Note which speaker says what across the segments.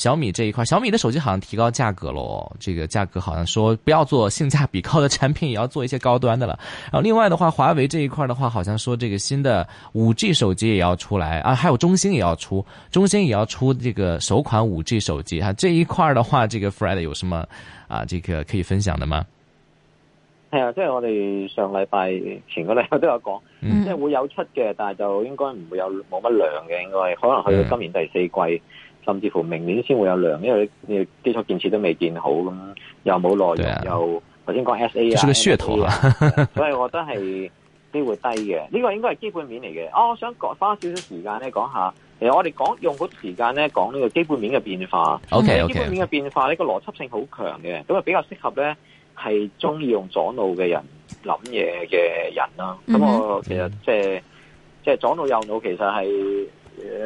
Speaker 1: 小米這一塊，小米的手機好像提高價格嘍，這個價格好像說不要做性價比高的產品，也要做一些高端的了。然、啊、後另外的話，華為這一塊的話，好像說這個新的五 G 手機也要出來啊，還有中興也要出，中興也要出這個首款五 G 手機哈、啊。這一塊的話，這個 Fred 有什麼啊？這個可以分享的嗎？
Speaker 2: 係啊，即、就、係、是、我哋上禮拜前個禮拜都有講，即、嗯、係、就是、會有出嘅，但係就應該唔會有冇乜量嘅，應該可能去到今年第四季。嗯甚至乎明年先會有量，因為你基礎建設都未建好，咁又冇內容，又頭先講 S A 啊，係個、啊、噱頭啊，啊 所以我覺得係機會低嘅。呢、這個應該係基本面嚟嘅、哦。我想講花少少時間咧，講下，其、呃、實我哋講用好時間咧，講呢個基本面嘅變化。O K。基本面嘅變化，呢、這個邏輯性好強嘅，咁啊比較適合咧係中意用左腦嘅人諗嘢嘅人啦。咁、mm-hmm. 我其實、就是 mm-hmm. 即係即係左腦右腦，其實係誒、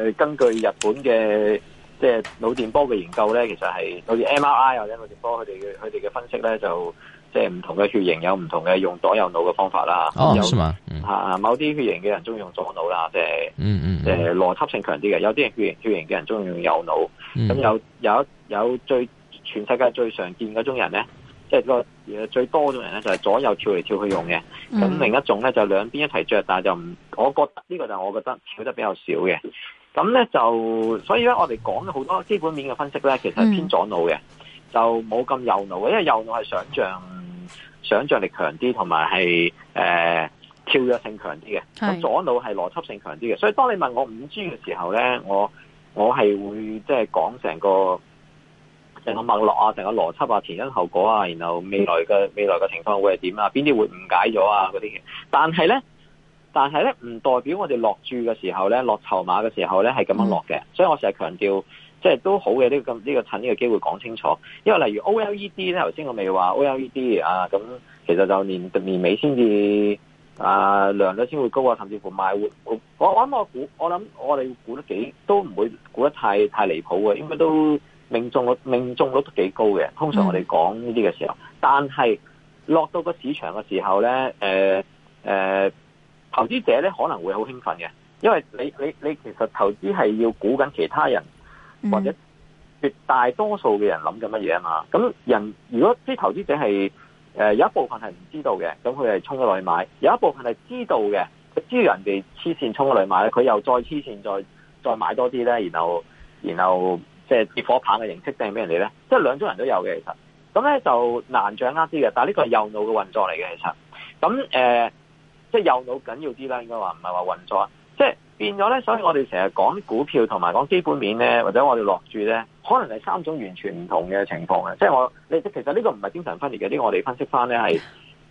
Speaker 2: 呃、根據日本嘅。即係腦電波嘅研究咧，其實係好似 MRI 或者腦電波，佢哋嘅佢哋嘅分析咧，就即係唔同嘅血型有唔同嘅用左右腦嘅方法啦。哦，嘛吓，某啲血型嘅人中意用左腦啦，即係嗯嗯，誒邏輯性強啲嘅；有啲人血型血型嘅人中意用右腦。咁、mm-hmm. 有有有最全世界最常見嗰種人咧，即係個最多種人咧就係、是、左右跳嚟跳去用嘅。咁、mm-hmm. 另一種咧就兩邊一齊着，但係就唔，我覺得呢、這個就是我覺得跳得比較少嘅。咁咧就，所以咧我哋講咗好多基本面嘅分析咧，其實係偏左腦嘅，嗯、就冇咁右腦嘅，因為右腦係想象、想象力強啲，同埋係誒跳躍性強啲嘅。咁左腦係邏輯性強啲嘅，所以當你問我五 G 嘅時候咧，我我係會即係講成個成個網絡啊，成個邏輯啊，前因後果啊，然後未來嘅未來嘅情況會係點啊，邊啲會誤解咗啊嗰啲嘅。但係咧。但係咧，唔代表我哋落注嘅時候咧，落籌碼嘅時候咧係咁樣落嘅，所以我成日強調，即係都好嘅呢、這個咁呢、這個趁呢個機會講清楚。因為例如 O L E D 咧，頭先我未話 O L E D 啊，咁其實就年年尾先至啊量率先會高啊，甚至乎買會。我我諗我估，我諗我哋估得幾都唔會估得太太離譜嘅，應該都命中率命中率都幾高嘅。通常我哋講呢啲嘅時候，但係落到個市場嘅時候咧，誒、呃呃投資者咧可能會好興奮嘅，因為你你你其實投資係要估緊其他人或者絕大多數嘅人諗緊乜嘢啊嘛。咁人如果啲投資者係誒有一部分係唔知道嘅，咁佢係衝咗落去買；有一部分係知道嘅，佢知道人哋黐線衝咗落去買咧，佢又再黐線再再買多啲咧，然後然後即係跌火棒嘅形式掟俾人哋咧，即係兩種人都有嘅其實。咁咧就難掌握啲嘅，但係呢個係右腦嘅運作嚟嘅其實。咁誒。即係右腦緊要啲啦，應該話唔係話運作，即係變咗咧。所以我哋成日講股票同埋講基本面咧，或者我哋落注咧，可能係三種完全唔同嘅情況。即係我你其實呢個唔係精神分裂嘅，呢個我哋分析翻咧係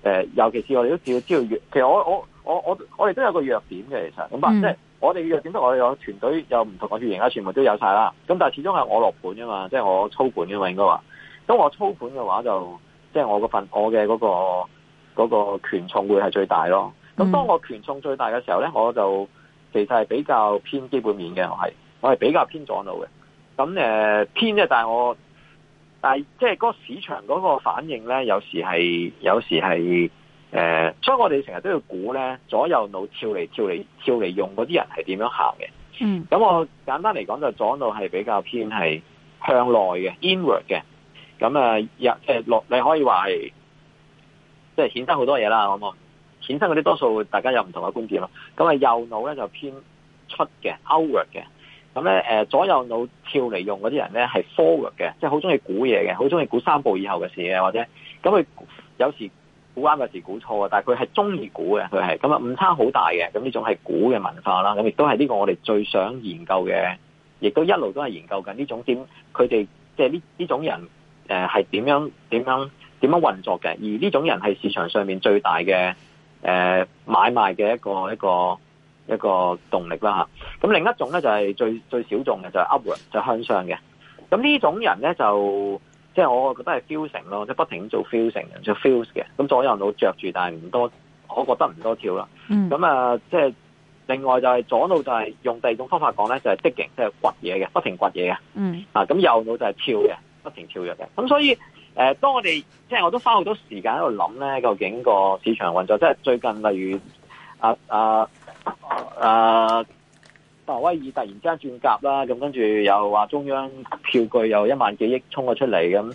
Speaker 2: 誒，尤其是我哋都只要知道，其實我我我我我哋都有個弱點嘅，其實咁啊，即係我哋嘅弱點都我哋有團隊有唔同嘅血型啦，全部都有晒啦。咁但係始終係我落盤噶嘛，即係我操盤噶嘛，應該話，咁我操盤嘅話就即係我嗰份我嘅嗰個嗰個權重會係最大咯。咁、嗯、當我權重最大嘅時候咧，我就其實係比較偏基本面嘅，我係我係比較偏左腦嘅。咁誒偏咧，但係我但係即係嗰個市場嗰個反應咧，有時係有時係誒，所、呃、以我哋成日都要估咧，左右腦跳嚟跳嚟跳嚟用嗰啲人係點樣行嘅。咁、嗯、我簡單嚟講，就左腦係比較偏係向內嘅 inward 嘅。咁啊，落你可以話係即係顯得好多嘢啦，好唔衍生嗰啲多數大家有唔同嘅觀點咯，咁啊右腦咧就偏出嘅 outward 嘅，咁咧誒左右腦跳嚟用嗰啲人咧係 forward 嘅，即係好中意估嘢嘅，好中意估三步以後嘅事嘅或者，咁佢有時估啱嘅時估錯啊，但係佢係中意估嘅，佢係咁啊誤差好大嘅，咁呢種係估嘅文化啦，咁亦都係呢個我哋最想研究嘅，亦都一路都係研究緊呢種點佢哋即係呢呢種人誒係點樣點樣點樣運作嘅，而呢種人係市場上面最大嘅。誒，買賣嘅一個一個一個動力啦吓，咁另一種咧就係、是、最最少眾嘅就係 upward，就向上嘅。咁呢種人咧就即係、就是、我覺得係 feeling 咯，即係不停做 feeling 嘅，做 feels 嘅。咁左右腦着住，但係唔多，我覺得唔多跳啦。咁、嗯、啊，即係、就是、另外就係左腦就係、是、用第二種方法講咧，就係 d i i n g 即係掘嘢嘅，不停掘嘢嘅。嗯。啊，咁右腦就係跳嘅，不停跳躍嘅。咁所以。誒，當我哋即係我都花好多時間喺度諗咧，究竟個市場運作，即係最近例如啊啊啊，鮑、啊啊、威爾突然間轉夾啦，咁跟住又話中央票據又一萬幾億衝咗出嚟咁。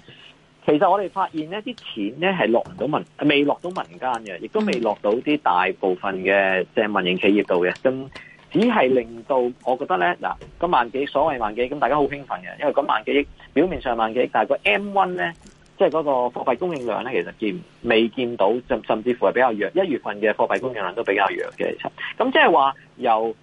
Speaker 2: 其實我哋發現呢啲錢咧係落唔到民，未落到民間嘅，亦都未落到啲大部分嘅即係民營企業度嘅。咁只係令到，我覺得咧嗱，嗰萬幾所謂萬幾，咁大家好興奮嘅，因為嗰萬幾億表面上萬幾，但係個 M1 咧。即係嗰個貨幣供應量咧，其實見未見到，甚甚至乎係比較弱。一月份嘅貨幣供應量都比較弱嘅，其實。咁即係話由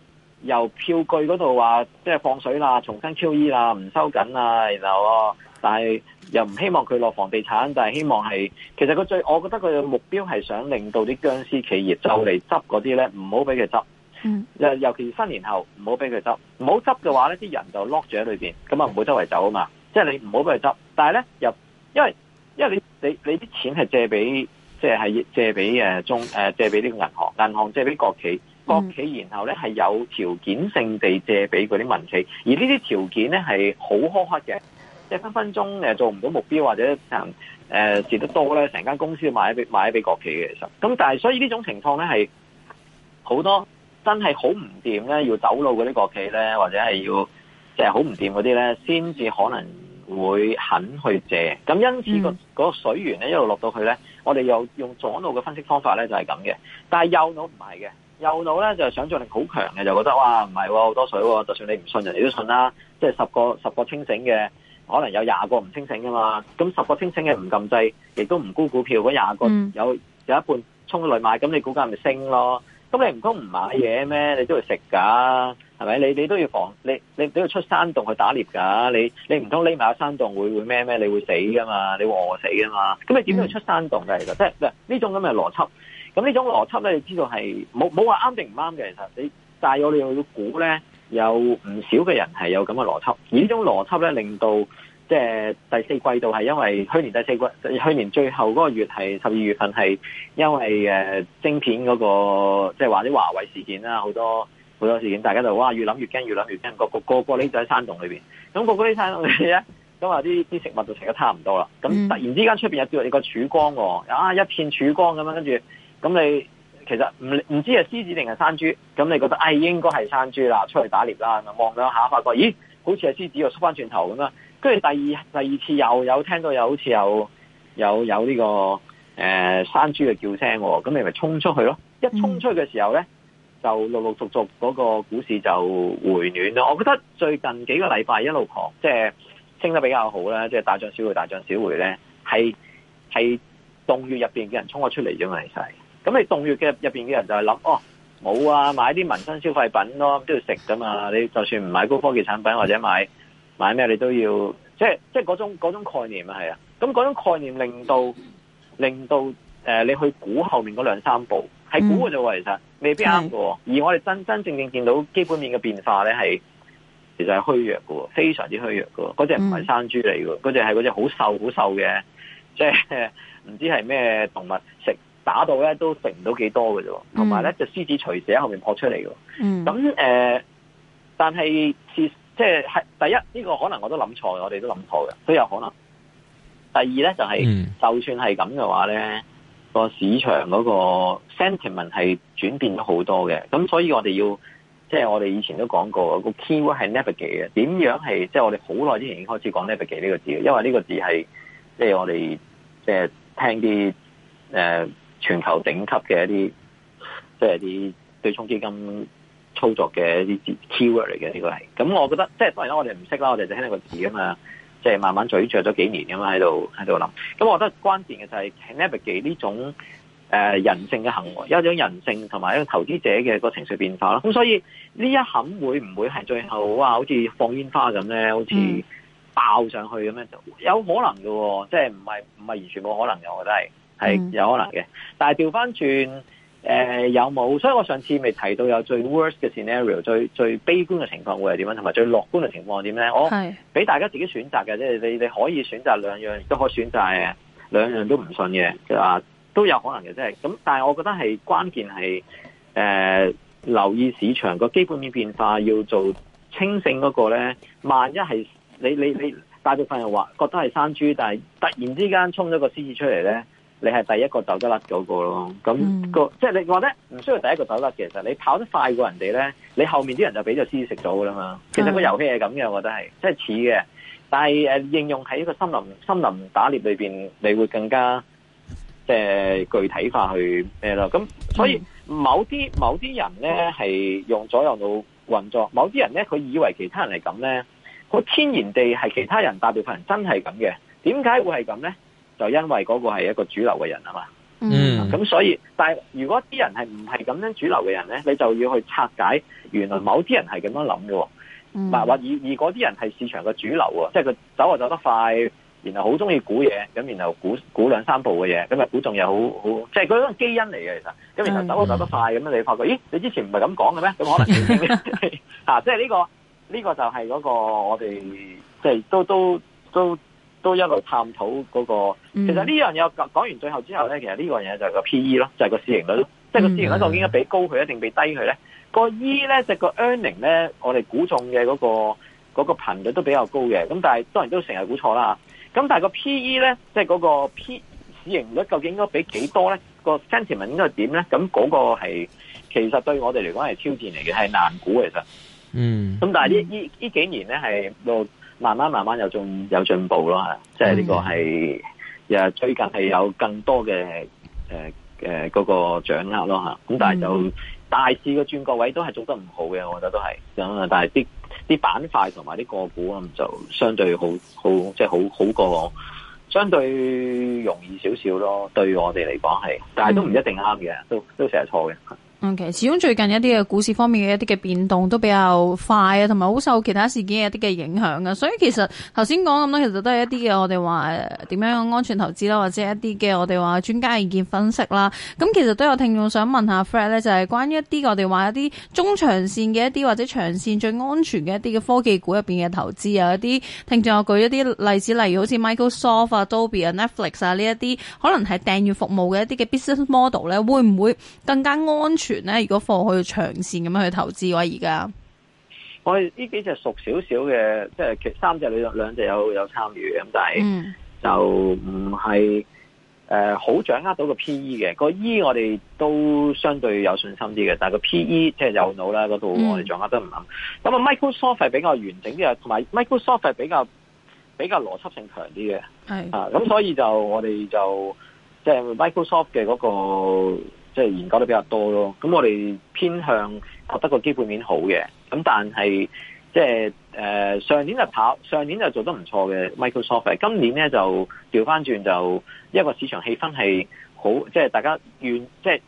Speaker 2: 由票據嗰度話，即係放水啦，重新 QE 啦，唔收緊啊。然後，但係又唔希望佢落房地產，但係希望係其實佢最，我覺得佢嘅目標係想令到啲僵屍企業就嚟執嗰啲咧，唔好俾佢執。嗯。尤其是新年後，唔好俾佢執。唔好執嘅話咧，啲人就 lock 住喺裏面，咁啊唔會周圍走啊嘛。即係你唔好俾佢執，但係咧又因為。因為你你你啲錢係借俾，即係借畀誒中誒借俾呢個銀行，銀行借俾國企，國企然後咧係有條件性地借俾嗰啲民企，而呢啲條件咧係好苛刻嘅，即係分分鐘誒做唔到目標或者成誒蝕得多咧，成間公司賣俾賣畀國企嘅其實，咁但係所以呢種情況咧係好多真係好唔掂咧，要走路嗰啲國企咧，或者係要即係好唔掂嗰啲咧，先至可能。會肯去借，咁因此個個水源咧一路落到去咧，我哋又用左腦嘅分析方法咧就係咁嘅，但係右腦唔係嘅，右腦咧就係想象力好強嘅，就覺得哇唔係喎，好多水喎，就算你唔信人哋都信啦，即係十個十個清醒嘅，可能有廿個唔清醒噶嘛，咁十個清醒嘅唔禁制，亦都唔沽股票，嗰廿個有有一半衝咗嚟買，咁你股價咪升咯。咁你唔通唔買嘢咩？你都要食噶，係咪？你你都要防，你你都要出山洞去打獵噶。你你唔通匿埋喺山洞會會咩咩？你會死噶嘛？你會餓死噶嘛？咁你點樣出山洞噶？其實即係呢種咁嘅邏輯。咁呢種邏輯咧，你知道係冇冇話啱定唔啱嘅。其實你但係我哋又要估咧，有唔少嘅人係有咁嘅邏輯，而呢種邏輯咧令到。即係第四季度係因為去年第四季，去年最後嗰個月係十二月份係因為誒晶片嗰個即係話啲華為事件啦，好多好多事件，大家就哇越諗越驚，越諗越驚，個個個個匿喺山洞裏面。咁個個匿山洞裏面咧，咁啊啲啲食物就食得差唔多啦。咁突然之間出邊有照你個曙光喎，啊一片曙光咁樣跟住，咁你其實唔唔知係獅子定係山豬，咁你覺得唉應該係山豬啦，出去打獵啦，望咗下發覺咦好似係獅子又縮翻轉頭咁啊！跟住第二第二次又有，有聽到有好似有有有、這、呢個誒、呃、山豬嘅叫聲，咁你咪衝出去咯！一衝出去嘅時候咧，就陸陸續續嗰個股市就回暖囉。我覺得最近幾個禮拜一路狂，即、就、係、是、升得比較好啦即係大漲小回，大漲小回咧，係係洞穴入面嘅人衝咗出嚟啫嘛，其實係。咁你洞穴嘅入面嘅人就係諗哦，冇啊，買啲民生消費品咯，都要食噶嘛。你就算唔買高科技產品或者買。買咩你都要，即係即係嗰種嗰種概念啊、就是，係啊，咁嗰種概念令到令到誒、呃，你去估後面嗰兩三步係估嘅啫喎，其實未必啱嘅，嗯。而我哋真真正正見到基本面嘅變化咧，係其實係虛弱嘅，非常之虛弱嘅。嗰隻唔係生豬嚟嘅，嗰隻係嗰隻好瘦好瘦嘅，即係唔知係咩動物食打到咧都食唔到幾多嘅啫，同埋咧就獅子隨時喺後面撲出嚟嘅。
Speaker 1: 咁、嗯、誒、
Speaker 2: 呃，但係即係係第一呢、呢個可能我都諗錯，我哋都諗錯嘅，都有可能。第二咧就係，就，是、就算係咁嘅話咧，個、mm. 市場嗰個 sentiment 係轉變咗好多嘅。咁所以我哋要，即、就、係、是、我哋以前都講過、個 key word 係 navigate 嘅，點樣係即係我哋好耐之前已經開始講 navigate 呢個字嘅，因為呢個字係即係我哋即係聽啲誒、呃、全球頂級嘅一啲，即係啲對沖基金。操作嘅啲 keyword 嚟嘅呢個係，咁、這個、我覺得即係當然啦，我哋唔識啦，我哋就聽個字啊嘛，即、就、係、是、慢慢咀嚼咗幾年啊嘛，喺度喺度諗。咁我覺得關鍵嘅就係 connectivity 誒呢種人性嘅行為，一種人性同埋一個投資者嘅個情緒變化啦。咁所以呢一坎會唔會係最後哇、啊，好似放煙花咁咧，好似爆上去咁咧？就有可能嘅、哦，即係唔係唔係完全冇可能嘅，我覺得係係有可能嘅。但係調翻轉。誒、呃，有冇？所以我上次咪提到有最 worst 嘅 scenario，最最悲觀嘅情況會係點樣，同埋最樂觀嘅情況係點咧？我俾大家自己選擇嘅，即係你你可以選擇兩樣，亦都可以選擇係兩樣都唔信嘅，即係話，都有可能嘅，即係。咁但係我覺得係關鍵係誒，留意市場個基本面變化，要做清醒嗰個咧。萬一係你你你，大部分人話覺得係山豬，但係突然之間衝咗個獅子出嚟咧。你係第一個走得甩嗰個咯，咁個、嗯、即係你話咧，唔需要第一個走甩，其實你跑得快過人哋咧，你後面啲人就俾隻獅子食咗噶啦嘛其實個遊戲係咁嘅，我覺得係即係似嘅，但係誒應用喺一個森林森林打獵裏邊，你會更加即、呃、係具體化去咩咯。咁所以某啲某啲人咧係用左右腦運作，某啲人咧佢以為其他人係咁咧，佢天然地係其他人大部分人真係咁嘅，點解會係咁咧？就因為嗰個係一個主流嘅人啊嘛，
Speaker 1: 嗯，咁所以，
Speaker 2: 但係如果啲人係唔係咁樣主流嘅人咧，你就要去拆解原來某啲人係咁樣諗嘅，喎、嗯。係話而嗰啲人係市場嘅主流喎，即係佢走啊走得快，然後好中意估嘢，咁然後估兩三步嘅嘢，咁啊估仲又好好，即係、就是、都係基因嚟嘅其實，咁然後走啊走得快，咁、嗯、你發覺，咦，你之前唔係咁講嘅咩？咁可能 啊，即係呢個呢、呢個就係個我哋即係都都都。都都都一路探討嗰、那個，其實呢樣嘢講完最後之後咧，其實呢個嘢就係個 P E 咯，就係、是、個市盈率，即係個市盈率究竟應該畀高佢一定畀低佢咧？那個 E 咧即係、就、個、是、earnings 咧，我哋估中嘅嗰、那個嗰、那個、頻率都比較高嘅，咁但係當然都成日估錯啦。咁但係個 P E 咧，即係嗰個 P 市盈率究竟應該畀幾多咧？那個 sentiment 應該係點咧？咁、那、嗰個係其實對我哋嚟講係挑戰嚟嘅，係難估其實。嗯。咁但係呢呢呢幾年咧係慢慢慢慢有進有進步咯吓，即係呢個係又最近係有更多嘅誒誒嗰個掌握咯吓，咁、mm-hmm. 但係就大市嘅轉角位都係做得唔好嘅，我覺得都係咁啊，但係啲啲板塊同埋啲個股咁就相對好好，即、就、係、是、好好過相對容易少少咯，對我哋嚟講係，mm-hmm. 但係都唔一定啱嘅，都都成日錯嘅。
Speaker 3: 嗯，其實始終最近一啲嘅股市方面嘅一啲嘅變動都比較快啊，同埋好受其他事件嘅一啲嘅影響啊。所以其實頭先講咁多，其實都係一啲嘅我哋話點樣安全投資啦，或者一啲嘅我哋話專家意見分析啦。咁其實都有聽眾想問一下 Fred 咧，就係關於一啲我哋話一啲中長線嘅一啲或者長線最安全嘅一啲嘅科技股入邊嘅投資啊，有一啲聽眾有舉一啲例子，例如好似 Microsoft 啊、Adobe 啊、Netflix 啊呢一啲可能係訂閱服務嘅一啲嘅 business model 咧，會唔會更加安全？全咧，如果可以長線咁樣去投資嘅、啊、話，而家
Speaker 2: 我哋呢幾隻熟少少嘅，即係三隻裏頭兩隻有有參與嘅，但係就唔係誒好掌握到個 P E 嘅、那個 E，我哋都相對有信心啲嘅，但係個 P E、嗯、即係右腦咧嗰度，我哋掌握得唔啱。咁、嗯、啊，Microsoft 係比較完整啲啊，同埋 Microsoft 係比較比較邏輯性強啲嘅，
Speaker 1: 啊咁所
Speaker 2: 以就我哋就即係、就是、Microsoft 嘅嗰、那個。即係研究得比較多咯，咁我哋偏向覺得個基本面好嘅，咁但係即係誒上年就跑，上年就做得唔錯嘅 Microsoft。今年咧就調翻轉，就一個市場氣氛係好，即係大家願，即係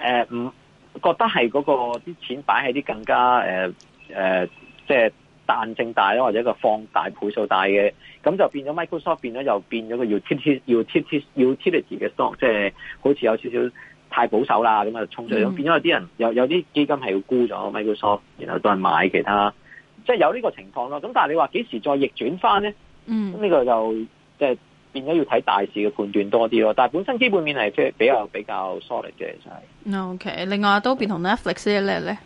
Speaker 2: 誒唔覺得係個啲錢擺喺啲更加誒誒，即係彈性大啦，或者一個放大倍數大嘅，咁就變咗 Microsoft 變咗又變咗個 utility，utility，utility 嘅 stock，即係好似有少少。太保守啦，咁啊衝出嚟，變咗有啲人有有啲基金係要沽咗 Microsoft，然後都係買其他，即係有呢個情況咯。咁但係你話幾時再逆轉翻咧？嗯，咁、這、呢個就即係、就是、變咗要睇大市嘅判斷多啲咯。但係本身基本面係即係比較比較 solid 嘅，就
Speaker 3: 係。OK 另外，Adobe 同 Netflix 一咧咧，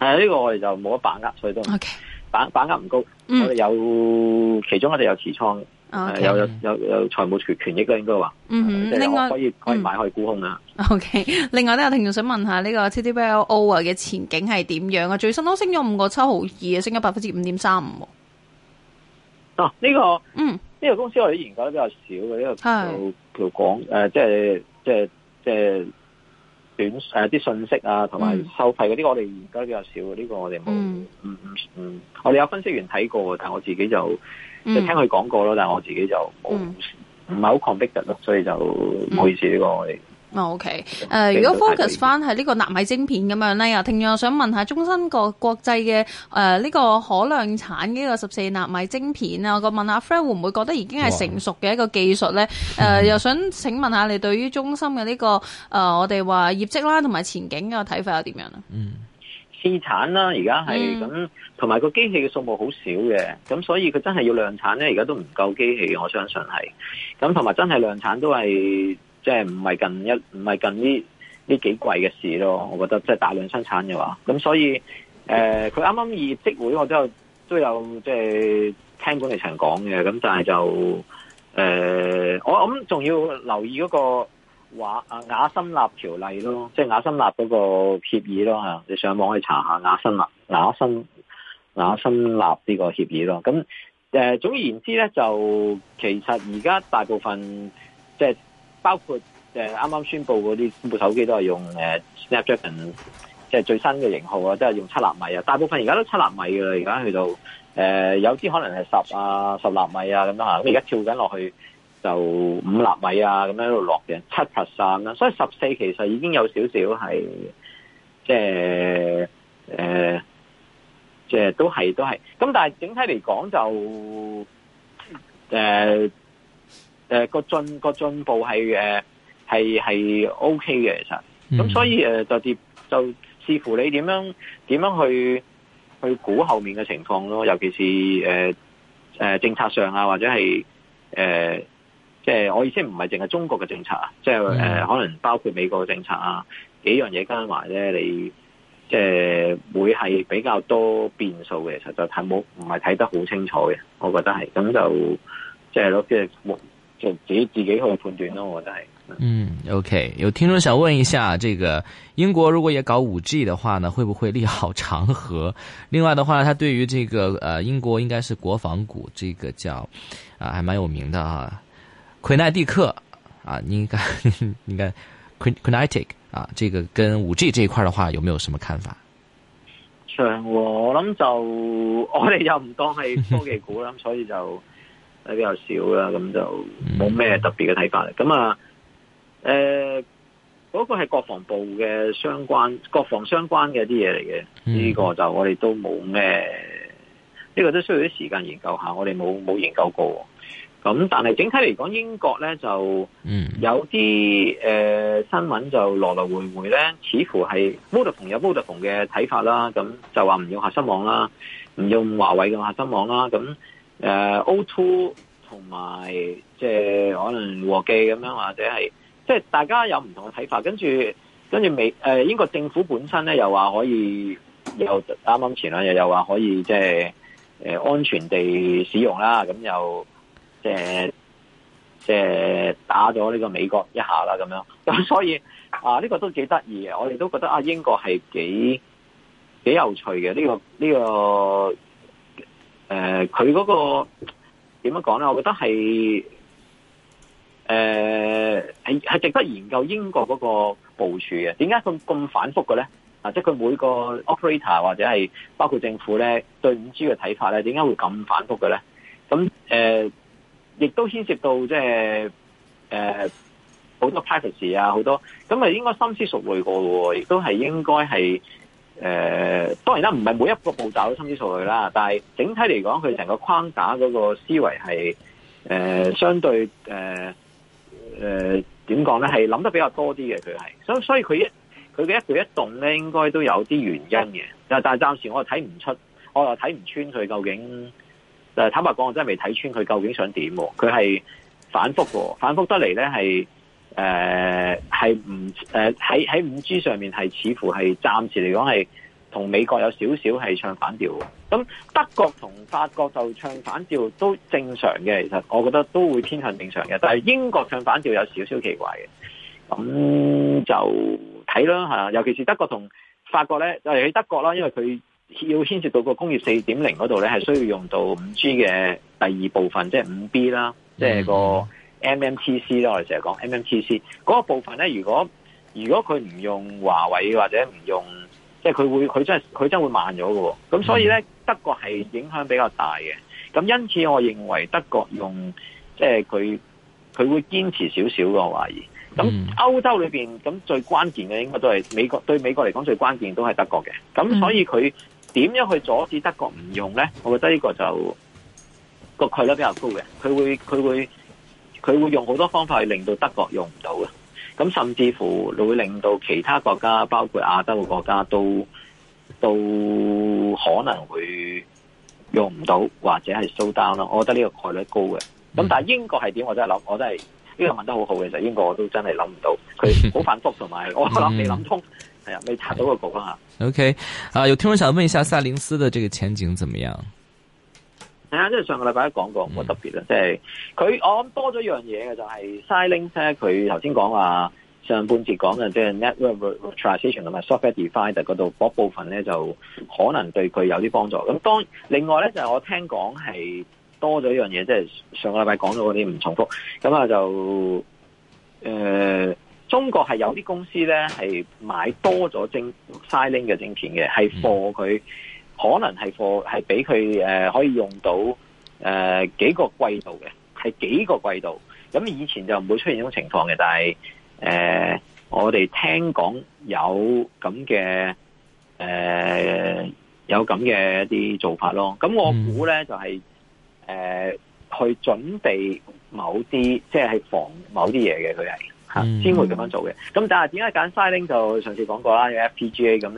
Speaker 2: 係啊？呢、這個我哋就冇得把握，所以都 OK 把。把把握唔高，我、嗯、哋有其中我哋有持倉嘅 Okay, 呃、有有有有財務權權益啦，應該話，
Speaker 3: 即、嗯、係、呃、我可以
Speaker 2: 可以買、嗯、可以沽空啊。
Speaker 3: OK，另外咧，有聽眾想問下呢、這個 T T B L O 啊嘅前景係點樣啊？最新都升咗五個七毫二啊，升咗百分之五點三五。哦，呢個嗯，
Speaker 2: 呢、這個公司我哋研究得比較少嘅呢、這個條條講誒，即係即係即係短誒啲、呃、信息啊，同埋收費嗰啲，嗯這個、我哋研究得比較少嘅呢、這個我、嗯嗯嗯，我哋冇我哋有分析員睇過，但係我自己就。就聽佢講過咯，但係我自己就冇唔係好 convicted 咯，所以就唔好意思呢、這
Speaker 3: 個。我哋 OK，誒，如果 focus 翻係呢個納米晶片咁樣咧、嗯，又同樣、這個嗯、想問下中芯國國際嘅誒呢個可量產嘅一個十四納米晶片啊，我問下 friend 會唔會覺得已經係成熟嘅一個技術咧？誒、呃，又想請問下你對於中芯嘅呢個誒、呃、我哋話業績啦，同埋前景嘅睇法又點樣啊？嗯。
Speaker 2: 試產啦、啊，而家係咁，同埋個機器嘅數目好少嘅，咁所以佢真係要量產咧，而家都唔夠機器，我相信係。咁同埋真係量產都係即係唔係近一，唔係近呢呢幾季嘅事咯，我覺得即係、就是、大量生產嘅話，咁所以誒，佢啱啱業績會我都有都有即係、就是、聽管理層講嘅，咁但係就誒、呃，我諗仲要留意嗰、那個。話誒，瓦森納條例咯，即係瓦森納嗰個協議咯吓，你上網可以查一下瓦森納、瓦森、瓦森納呢個協議咯。咁、呃、誒，總而言之咧，就其實而家大部分即係包括誒啱啱宣佈嗰啲部手機都係用誒 Snapdragon 即係最新嘅型號啊，即係用七納米啊。大部分而家都七納米噶啦，而家去到誒、呃、有啲可能係十啊十納米啊咁啊，咁而家跳緊落去。就五納米啊，咁樣喺度落嘅七 percent 啦，所以十四其實已經有少少係即係誒，即係、呃、都係都係。咁但係整體嚟講就誒誒個進個進步係誒係係 OK 嘅，其實。
Speaker 1: 咁所以
Speaker 2: 誒就跌就視乎你點樣點樣去去估後面嘅情況咯，尤其是誒誒、呃呃、政策上啊，或者係誒。呃即、就、係、是、我意思唔係淨係中國嘅政策啊，即係誒，可能包括美國嘅政策啊，幾樣嘢加埋咧，你即係、就是、會係比較多變數嘅，實在睇冇唔係睇得好清楚嘅，我覺得係咁就即係咯，即、就、係、是、就自己就自己去判斷咯，我、嗯、哋。嗯
Speaker 1: ，OK，有聽眾想問一下，這個英國如果也搞五 G 嘅話呢，會不會利好長和？另外的話，佢對於這個誒、呃、英國應該是國防股，這個叫、呃、啊，還蠻有名嘅啊。魁奈蒂克啊，應該應該 QinetiQ 啊，這個跟五 G 這一塊的話，有沒有什麼看法？
Speaker 2: 係我諗就我哋又唔當係科技股啦， 所以就比較少啦，咁就冇咩特別嘅睇法咁啊，誒、呃，嗰、那個係國防部嘅相關國防相關嘅一啲嘢嚟嘅，呢 個就我哋都冇咩，呢、這個都需要啲時間研究下，我哋冇冇研究過。咁但係整體嚟講，英國咧就有啲誒、呃、新聞就來來回回咧，似乎係 Vodafone 有 Vodafone 同嘅睇法啦。咁就話唔用核心網啦，唔用華為嘅核心網啦。咁誒 O two 同埋即係可能和記咁樣，或者係即係大家有唔同嘅睇法。跟住跟住美誒、呃、英國政府本身咧又話可以又啱啱前兩日又話可以即係、呃、安全地使用啦。咁又。誒、呃呃，打咗呢個美國一下啦，咁樣咁，所以啊，呢、呢個都幾得意嘅，我哋都覺得啊，英國係幾幾有趣嘅。呢個呢個呃嗰個、呢個呢個誒，佢嗰個點樣講咧？我覺得係誒係係值得研究英國嗰個部署嘅。點解咁咁反復嘅咧？啊，即係佢每個 operator 或者係包括政府咧，對五 G 嘅睇法咧，點解會咁反復嘅咧？咁誒。呃亦都牽涉到即係誒好多 privacy 啊，好多咁啊，就應該深思熟慮過喎，亦都係應該係誒、呃，當然啦，唔係每一個步驟都深思熟慮啦，但係整體嚟講，佢成個框架嗰個思維係誒、呃，相對誒點講咧，係、呃、諗、呃、得比較多啲嘅，佢係，所以所以佢一佢嘅一舉一動咧，應該都有啲原因嘅，但但暫時我又睇唔出，我又睇唔穿佢究竟。誒坦白講，我真係未睇穿佢究竟想點。佢係反覆，反覆得嚟咧係誒係唔誒喺喺五 G 上面係似乎係暫時嚟講係同美國有少少係唱反調。咁德國同法國就唱反調都正常嘅，其實我覺得都會偏向正常嘅。但係英國唱反調有少少奇怪嘅，咁就睇啦嚇。尤其是德國同法國咧，尤其係德國啦，因為佢。要牽涉到個工業四點零嗰度咧，係需要用到五 G 嘅第二部分，即係五 B 啦，即係個 M M T C 啦。我哋成日講 M M T C 嗰個部分咧，如果如果佢唔用華為或者唔用，即係佢會佢真係佢真會慢咗喎。咁所以咧，德國係影響比較大嘅。咁因此，我認為德國用即係佢佢會堅持少少嘅懷疑。咁歐洲裏面，咁最關鍵嘅應該都係美國，對美國嚟講最關鍵都係德國嘅。咁所以佢。點樣去阻止德國唔用呢？我覺得呢個就，個概率比較高嘅，佢會佢會佢會用好多方法去令到德國用唔到嘅，咁甚至乎會令到其他國家，包括亞洲嘅國家都，都都可能會用唔到或者係收單咯。我覺得呢個概率高嘅，咁但係英國係點？我真係諗，我都係。呢、這個問得很好好嘅，其實呢個我都真係諗唔到，佢好反覆同埋，我諗未諗通，係 啊、嗯，未拆到個局啊。
Speaker 1: OK，啊，有聽眾想問一下，賽靈思嘅這個前景怎麼樣？
Speaker 2: 係啊，因係上個禮拜講過，冇特別啦、嗯，即係佢我諗多咗一樣嘢嘅，就係賽靈思，佢頭先講話上半節講嘅，即係 network realization 同埋 software defined 嗰度嗰部分咧，就可能對佢有啲幫助。咁當另外咧，就是、我聽講係。多咗一樣嘢，即係上個禮拜講咗嗰啲唔重複，咁啊就誒、呃，中國係有啲公司咧係買多咗政嘥零嘅晶片嘅，係貨佢可能係貨係俾佢誒可以用到誒、呃、幾個季度嘅，係幾個季度，咁以前就唔會出現呢種情況嘅，但係誒、呃、我哋聽講有咁嘅誒有咁嘅一啲做法咯，咁我估咧就係、是。嗯誒、呃，去準備某啲，即係防某啲嘢嘅，佢係吓先會咁樣做嘅。咁、嗯、但係點解揀 s i l i n g 就上次講過啦？有 FPGA 咁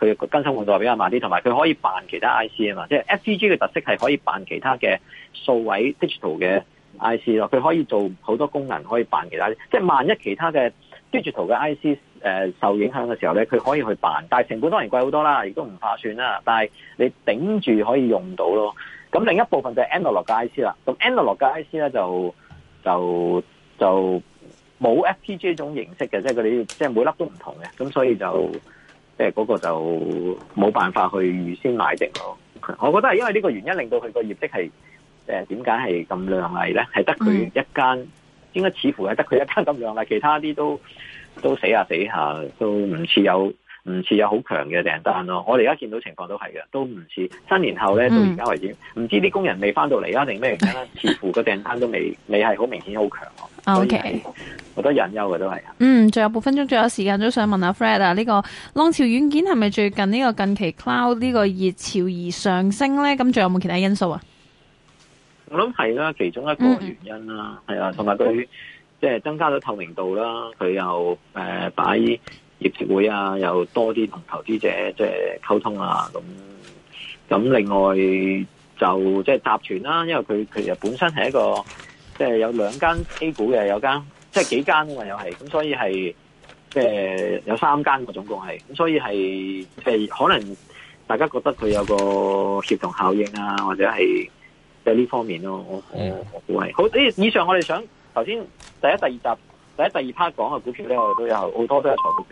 Speaker 2: 就，佢更新換代比較慢啲，同埋佢可以扮其他 IC 啊嘛。即係 FPGA 嘅特色係可以扮其他嘅數位 digital 嘅 IC 咯。佢可以做好多功能，可以扮其他。即係萬一其他嘅 digital 嘅 IC 誒受影響嘅時候咧，佢可以去扮，但係成本當然貴好多啦，亦都唔划算啦。但係你頂住可以用到咯。咁另一部分就係 analogue 嘅 IC 啦，咁 analogue 嘅 IC 咧就就就冇 FPGA 呢種形式嘅，即係佢哋即係每粒都唔同嘅，咁所以就即係嗰個就冇辦法去預先買定咯。我覺得係因為呢個原因令到佢個業績係誒點解係咁亮麗咧？係得佢一間，應該似乎係得佢一間咁亮麗，其他啲都都死下死下，都唔似有，唔似有好強嘅訂單咯，我哋而家見到情況都係嘅，都唔似新年後咧到而家為止，唔知啲工人未翻到嚟啊定咩原因咧？似乎個訂單都未未係好明顯好強咯。
Speaker 3: OK，好多隱憂嘅都係。嗯，仲有半分鐘，仲有時間都想問下 Fred 啊，呢、這個浪潮軟件係咪最近呢個近期 cloud 呢個熱潮而上升咧？咁仲有冇其他因素啊？我
Speaker 2: 諗係啦，其中一個原因啦，係、嗯、啊，同埋佢即係增加咗透明度啦，佢又誒擺。呃擺業協會啊，又多啲同投資者即係溝通啊，咁咁另外就即係集團啦，因為佢其實本身係一個即係有兩間 A 股嘅，有間即係幾間啊嘛，又係，咁所以係即係有三間個總共係，咁所以係係、即係、可能大家覺得佢有個協同效應啊，或者係喺呢方面咯，
Speaker 1: 我、嗯、我估係
Speaker 2: 好，以上我哋想頭先第一、第二集第一、第二 part 講嘅股票咧，我哋都有好多都有財富。